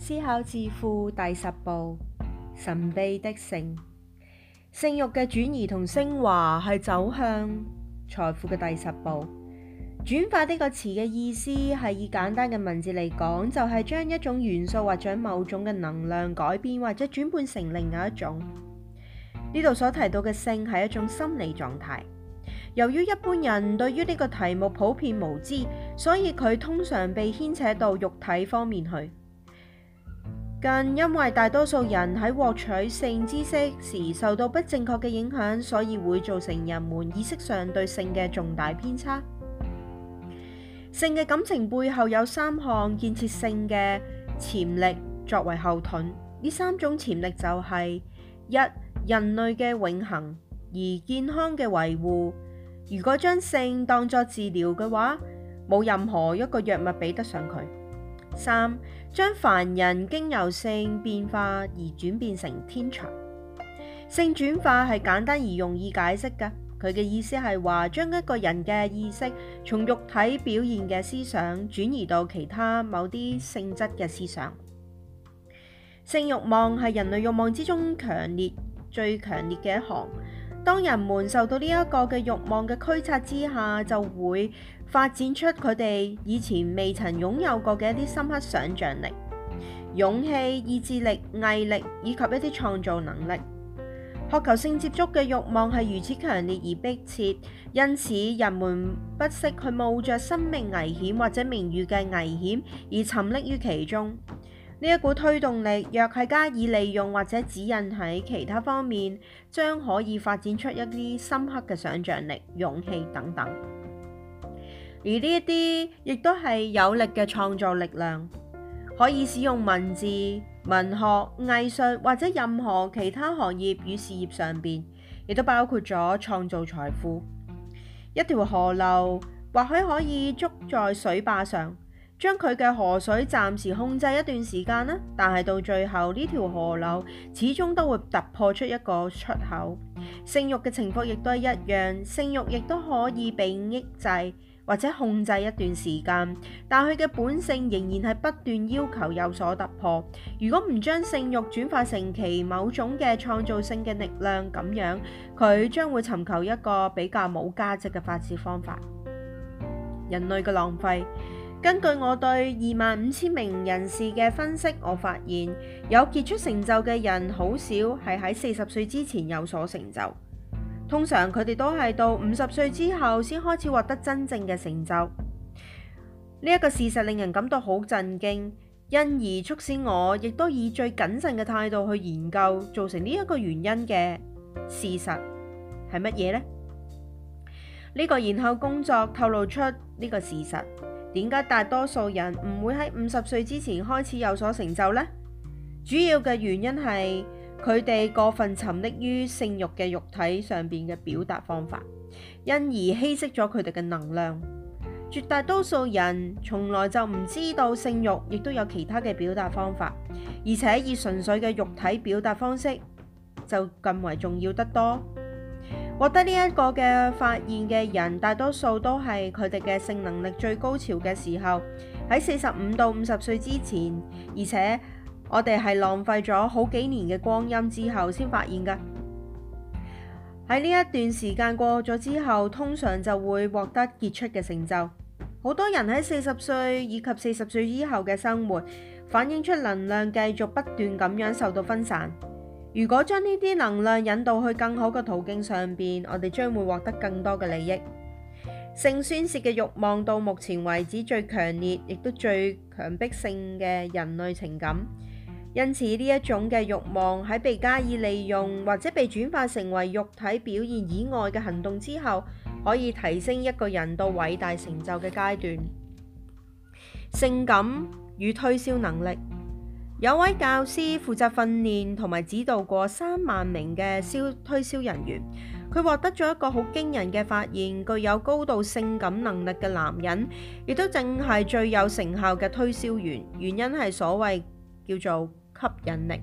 思考致富第十步：神秘的性。性慾嘅轉移同升華係走向財富嘅第十步。轉化呢個詞嘅意思係以簡單嘅文字嚟講，就係、是、將一種元素或者某種嘅能量改變或者轉換成另外一種。呢度所提到嘅性係一種心理狀態。由於一般人對於呢個題目普遍無知，所以佢通常被牽扯到肉體方面去。更因為大多數人喺獲取性知識時受到不正確嘅影響，所以會造成人們意識上對性嘅重大偏差。性嘅感情背後有三項建設性嘅潛力作為後盾，呢三種潛力就係一、人類嘅永恒而健康嘅維護。如果將性當作治療嘅話，冇任何一個藥物比得上佢。三、將凡人經由性變化而轉變成天才。性轉化係簡單而容易解釋㗎，佢嘅意思係話將一個人嘅意識從肉體表現嘅思想轉移到其他某啲性質嘅思想。性欲望係人類欲望之中強烈，最強烈嘅一項。當人們受到呢一個嘅慾望嘅驅策之下，就會發展出佢哋以前未曾擁有過嘅一啲深刻想象力、勇氣、意志力、毅力以及一啲創造能力。渴求性接觸嘅慾望係如此強烈而迫切，因此人們不惜去冒着生命危險或者名譽嘅危險而沉溺於其中。呢一股推動力，若係加以利用或者指引喺其他方面，將可以發展出一啲深刻嘅想像力、勇氣等等。而呢一啲亦都係有力嘅創造力量，可以使用文字、文學、藝術或者任何其他行業與事業上邊，亦都包括咗創造財富。一條河流或許可以築在水壩上。將佢嘅河水暫時控制一段時間啦，但係到最後呢條河流始終都會突破出一個出口。性欲嘅情況亦都係一樣，性欲亦都可以被抑制或者控制一段時間，但佢嘅本性仍然係不斷要求有所突破。如果唔將性欲轉化成其某種嘅創造性嘅力量咁樣，佢將會尋求一個比較冇價值嘅發泄方法。人類嘅浪費。根據我對二萬五千名人士嘅分析，我發現有傑出成就嘅人好少係喺四十歲之前有所成就，通常佢哋都係到五十歲之後先開始獲得真正嘅成就。呢一個事實令人感到好震驚，因而促使我亦都以最謹慎嘅態度去研究造成呢一個原因嘅事實係乜嘢呢？呢個然後工作透露出呢個事實。點解大多數人唔會喺五十歲之前開始有所成就呢？主要嘅原因係佢哋過分沉溺於性欲嘅肉體上邊嘅表達方法，因而稀釋咗佢哋嘅能量。絕大多數人從來就唔知道性欲亦都有其他嘅表達方法，而且以純粹嘅肉體表達方式就更為重要得多。獲得呢一個嘅發現嘅人，大多數都係佢哋嘅性能力最高潮嘅時候，喺四十五到五十歲之前，而且我哋係浪費咗好幾年嘅光陰之後先發現嘅。喺呢一段時間過咗之後，通常就會獲得傑出嘅成就。好多人喺四十歲以及四十歲以後嘅生活，反映出能量繼續不斷咁樣受到分散。如果將呢啲能量引導去更好嘅途徑上邊，我哋將會獲得更多嘅利益。性宣泄嘅欲望到目前為止最強烈，亦都最強迫性嘅人類情感。因此呢一種嘅欲望喺被加以利用或者被轉化成為肉體表現以外嘅行動之後，可以提升一個人到偉大成就嘅階段。性感與推銷能力。有位教師負責訓練同埋指導過三萬名嘅銷推銷人員，佢獲得咗一個好驚人嘅發現：具有高度性感能力嘅男人，亦都淨係最有成效嘅推銷員。原因係所謂叫做吸引力，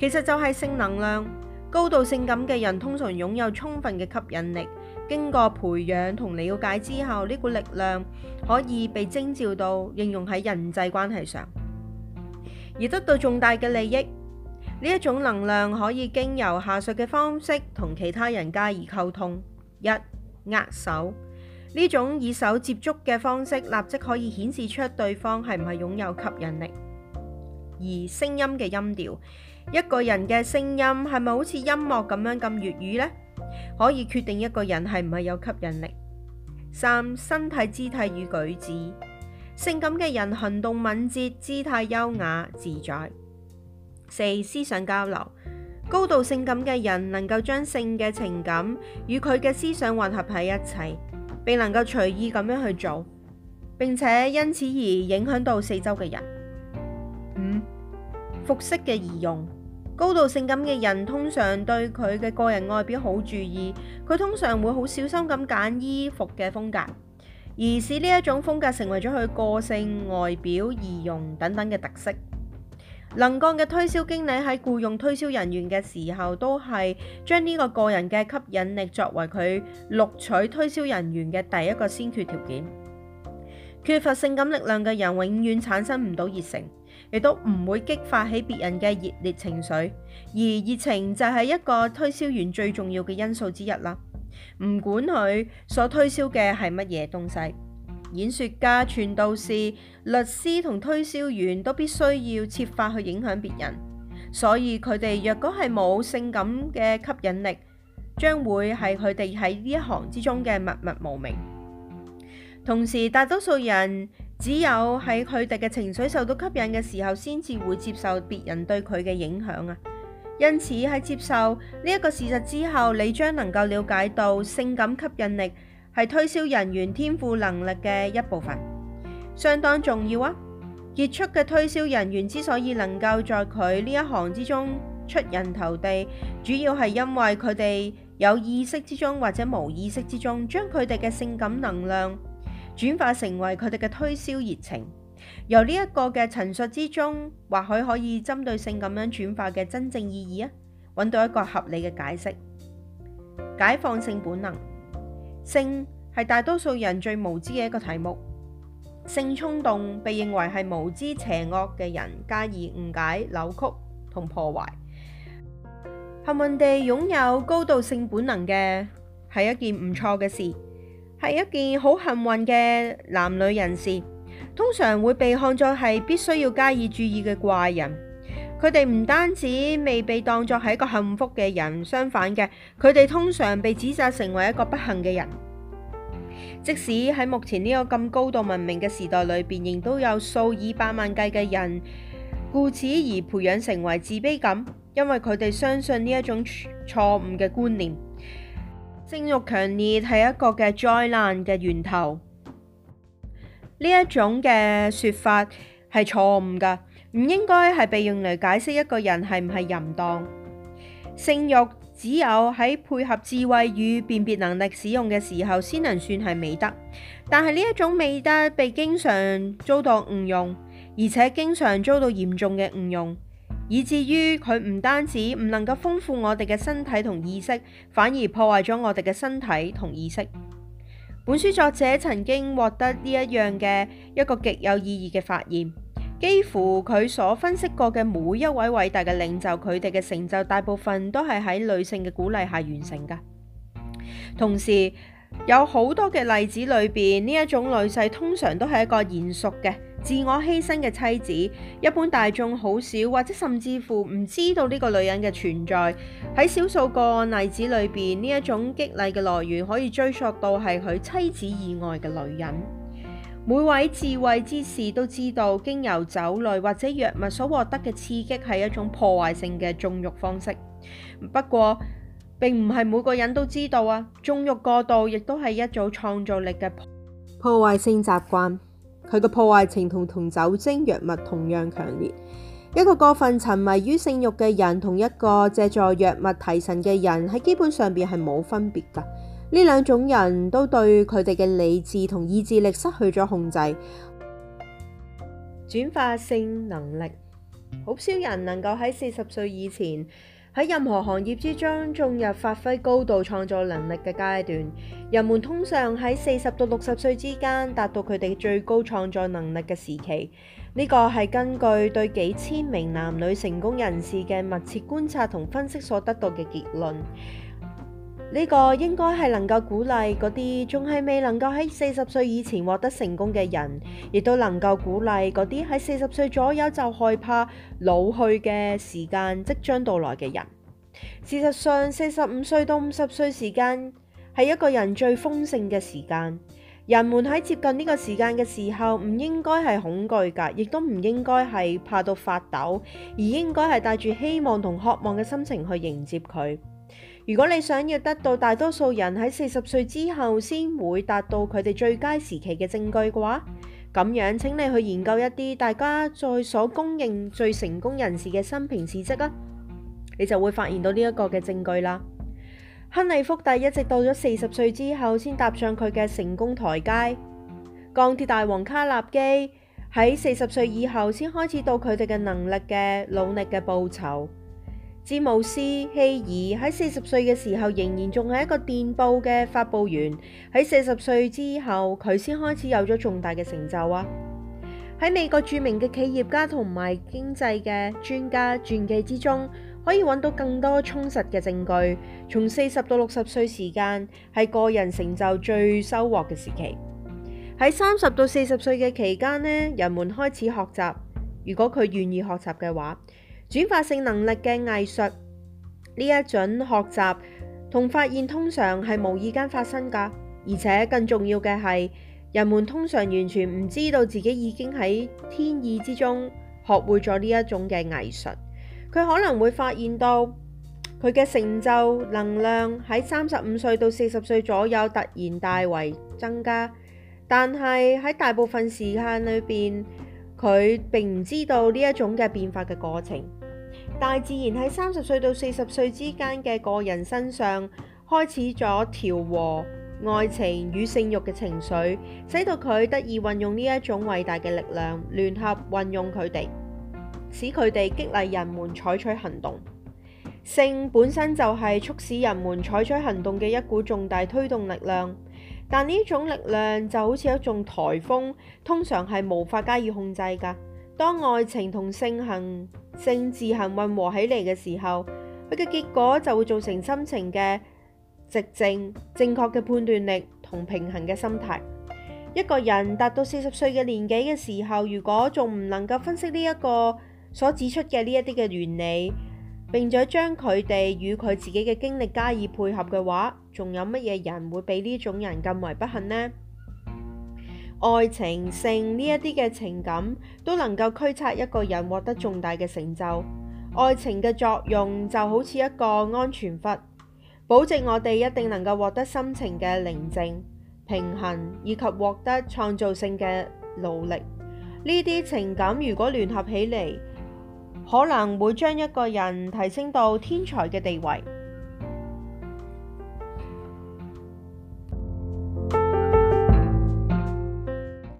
其實就係性能量。高度性感嘅人通常擁有充分嘅吸引力。經過培養同了解之後，呢股力量可以被徵召到應用喺人際關係上。而得到重大嘅利益，呢一種能量可以經由下述嘅方式同其他人加以溝通：一、握手，呢種以手接觸嘅方式，立即可以顯示出對方係唔係擁有吸引力；二、聲音嘅音調，一個人嘅聲音係咪好似音樂咁樣咁悅耳呢？可以決定一個人係唔係有吸引力；三、身體姿態與舉止。性感嘅人行動敏捷，姿態優雅，自在。四、思想交流，高度性感嘅人能夠將性嘅情感與佢嘅思想混合喺一齊，並能夠隨意咁樣去做，並且因此而影響到四周嘅人。五、嗯、服飾嘅儀容，高度性感嘅人通常對佢嘅個人外表好注意，佢通常會好小心咁揀衣服嘅風格，而使呢一種風格成為咗佢個性、外表、儀容等等嘅特色。能幹嘅推銷經理喺雇用推銷人員嘅時候，都係將呢個個人嘅吸引力作為佢錄取推銷人員嘅第一個先決條件。缺乏性感力量嘅人，永遠產生唔到熱情，亦都唔會激發起別人嘅熱烈情緒。而熱情就係一個推銷員最重要嘅因素之一啦。唔管佢所推銷嘅係乜嘢東西，演說家、傳道士、律師同推銷員都必須要設法去影響別人，所以佢哋若果係冇性感嘅吸引力，將會係佢哋喺呢一行之中嘅默默無名。同時，大多數人只有喺佢哋嘅情緒受到吸引嘅時候，先至會接受別人對佢嘅影響啊。因此喺接受呢一個事實之後，你將能夠了解到性感吸引力係推銷人員天賦能力嘅一部分，相當重要啊！傑出嘅推銷人員之所以能夠在佢呢一行之中出人頭地，主要係因為佢哋有意識之中或者無意識之中，將佢哋嘅性感能量轉化成為佢哋嘅推銷熱情。由呢一個嘅陳述之中，或許可以針對性咁樣轉化嘅真正意義啊，搵到一個合理嘅解釋。解放性本能，性係大多數人最無知嘅一個題目。性衝動被認為係無知邪惡嘅人加以誤解、扭曲同破壞。幸運地擁有高度性本能嘅係一件唔錯嘅事，係一件好幸運嘅男女人士。通常會被看作係必須要加以注意嘅怪人，佢哋唔單止未被當作係一個幸福嘅人，相反嘅，佢哋通常被指責成為一個不幸嘅人。即使喺目前呢個咁高度文明嘅時代裏邊，亦都有數以百萬計嘅人，故此而培養成為自卑感，因為佢哋相信呢一種錯誤嘅觀念，性慾強烈係一個嘅災難嘅源頭。呢一種嘅説法係錯誤㗎，唔應該係被用嚟解釋一個人係唔係淫蕩。性欲只有喺配合智慧與辨別能力使用嘅時候，先能算係美德。但係呢一種美德被經常遭到誤用，而且經常遭到嚴重嘅誤用，以至於佢唔單止唔能夠豐富我哋嘅身體同意識，反而破壞咗我哋嘅身體同意識。本書作者曾經獲得呢一樣嘅一個極有意義嘅發現，幾乎佢所分析過嘅每一位偉大嘅領袖，佢哋嘅成就大部分都係喺女性嘅鼓勵下完成嘅。同時，有好多嘅例子裏邊，呢一種女性通常都係一個賢淑嘅。自我犧牲嘅妻子，一般大眾好少或者甚至乎唔知道呢個女人嘅存在。喺少數個案例子裏邊，呢一種激勵嘅來源可以追溯到係佢妻子以外嘅女人。每位智慧之士都知道，經由酒類或者藥物所獲得嘅刺激係一種破壞性嘅縱慾方式。不過並唔係每個人都知道啊。縱慾過度亦都係一種創造力嘅破壞性習慣。佢嘅破壞程度同同酒精藥物同樣強烈。一個過分沉迷於性欲嘅人，同一個借助藥物提神嘅人，喺基本上邊係冇分別噶。呢兩種人都對佢哋嘅理智同意志力失去咗控制。轉化性能力，好少人能夠喺四十歲以前喺任何行業之中，進入發揮高度創造能力嘅階段，人們通常喺四十到六十歲之間達到佢哋最高創造能力嘅時期。呢個係根據對幾千名男女成功人士嘅密切觀察同分析所得到嘅結論。呢個應該係能夠鼓勵嗰啲仲係未能夠喺四十歲以前獲得成功嘅人，亦都能夠鼓勵嗰啲喺四十歲左右就害怕老去嘅時間即將到來嘅人。事實上，四十五歲到五十歲時間係一個人最豐盛嘅時間。人們喺接近呢個時間嘅時候，唔應該係恐懼噶，亦都唔應該係怕到發抖，而應該係帶住希望同渴望嘅心情去迎接佢。如果你想要得到大多數人喺四十歲之後先會達到佢哋最佳時期嘅證據嘅話，咁樣請你去研究一啲大家在所公認最成功人士嘅生平事蹟啦，你就會發現到呢一個嘅證據啦。亨利福特一直到咗四十歲之後先踏上佢嘅成功台階。鋼鐵大王卡納基喺四十歲以後先開始到佢哋嘅能力嘅努力嘅報酬。詹姆斯希爾喺四十歲嘅時候，仍然仲係一個電報嘅發布員。喺四十歲之後，佢先開始有咗重大嘅成就啊！喺美國著名嘅企業家同埋經濟嘅專家傳記之中，可以揾到更多充實嘅證據。從四十到六十歲時間，係個人成就最收穫嘅時期。喺三十到四十歲嘅期間呢，人們開始學習。如果佢願意學習嘅話。轉化性能力嘅藝術呢一種學習同發現通常係無意間發生噶而且更重要嘅係，人們通常完全唔知道自己已經喺天意之中學會咗呢一種嘅藝術。佢可能會發現到佢嘅成就能量喺三十五歲到四十歲左右突然大為增加，但係喺大部分時間裏邊，佢並唔知道呢一種嘅變化嘅過程。大自然喺三十歲到四十歲之間嘅個人身上開始咗調和愛情與性欲嘅情緒，使到佢得以運用呢一種偉大嘅力量，聯合運用佢哋，使佢哋激勵人們採取行動。性本身就係促使人們採取行動嘅一股重大推動力量，但呢種力量就好似一種台風，通常係無法加以控制㗎。當愛情同性行、性自行混和起嚟嘅時候，佢嘅結果就會造成心情嘅直正、正確嘅判斷力同平衡嘅心態。一個人達到四十歲嘅年紀嘅時候，如果仲唔能夠分析呢一個所指出嘅呢一啲嘅原理，並且將佢哋與佢自己嘅經歷加以配合嘅話，仲有乜嘢人會比呢種人更為不幸呢？愛情、性呢一啲嘅情感都能夠驅策一個人獲得重大嘅成就。愛情嘅作用就好似一個安全閥，保證我哋一定能夠獲得心情嘅寧靜、平衡以及獲得創造性嘅努力。呢啲情感如果聯合起嚟，可能會將一個人提升到天才嘅地位。